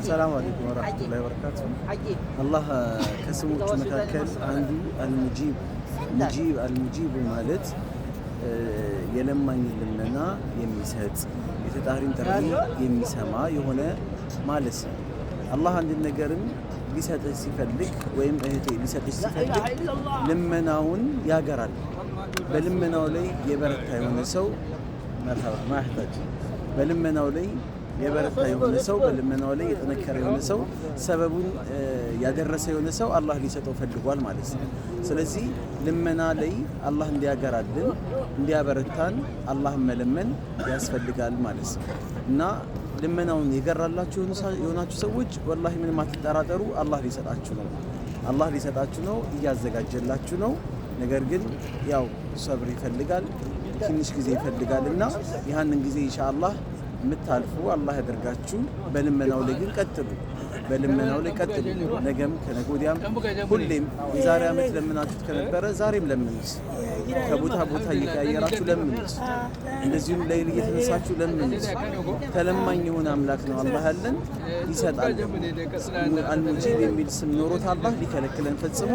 አሰላሙ አለይኩም ወራህመቱላሂ ወበረካቱ። አላህ ከስሞቹ መካከል አንዱ አልሙጂብ ሙጂብ አልሙጂብ ማለት የለማኝን ልመና የሚሰጥ የተጣሪን ጥሪ የሚሰማ የሆነ ማለት ነው። አላህ አንድን ነገርን ሊሰጥህ ሲፈልግ ወይም እህቴ ሊሰጥህ ሲፈልግ ልመናውን ያገራል። በልመናው ላይ የበረታ የሆነ ሰው መርሃባ ማህታጅ በልመናው ላይ የበረታ የሆነ ሰው በልመናው ላይ የጠነከረ የሆነ ሰው ሰበቡን ያደረሰ የሆነ ሰው አላህ ሊሰጠው ፈልጓል ማለት ነው። ስለዚህ ልመና ላይ አላህ እንዲያገራልን እንዲያበረታን አላህን መለመን ያስፈልጋል ማለት ነው እና ልመናውን የገራላችሁ የሆናችሁ ሰዎች ወላሂ ምንም አትጠራጠሩ፣ አላህ ሊሰጣችሁ ነው። አላህ ሊሰጣችሁ ነው፣ እያዘጋጀላችሁ ነው። ነገር ግን ያው ሰብር ይፈልጋል፣ ትንሽ ጊዜ ይፈልጋል እና ያህንን ጊዜ ኢንሻአላህ የምታልፉ አላህ ያደርጋችሁ። በልመናው ላይ ግን ቀጥሉ፣ በልመናው ላይ ቀጥሉ። ነገም ከነገ ወዲያም ሁሌም የዛሬ ዓመት ለምናችሁት ከነበረ ዛሬም ለምኑት። ከቦታ ቦታ እየቀያየራችሁ ለምኑት። እንደዚሁም ለይል እየተነሳችሁ ለምኑት። ተለማኝ የሆነ አምላክ ነው አላህ ያለን ይሰጣል። አልሙጂብ የሚል ስም ኖሮት አላህ ሊከለክለን ፈጽሞ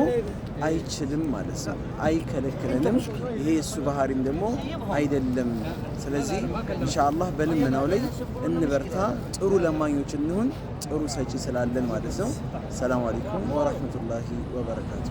አይችልም ማለት ነው። አይከለክለንም። ይሄ የእሱ ባህሪም ደግሞ አይደለም። ስለዚህ ኢንሻአላህ በልመናው ላይ እንበርታ፣ ጥሩ ለማኞች እንሁን፣ ጥሩ ሰጪ ስላለን ማለት ነው። ሰላም አለይኩም ወራህመቱላሂ ወበረካቱ።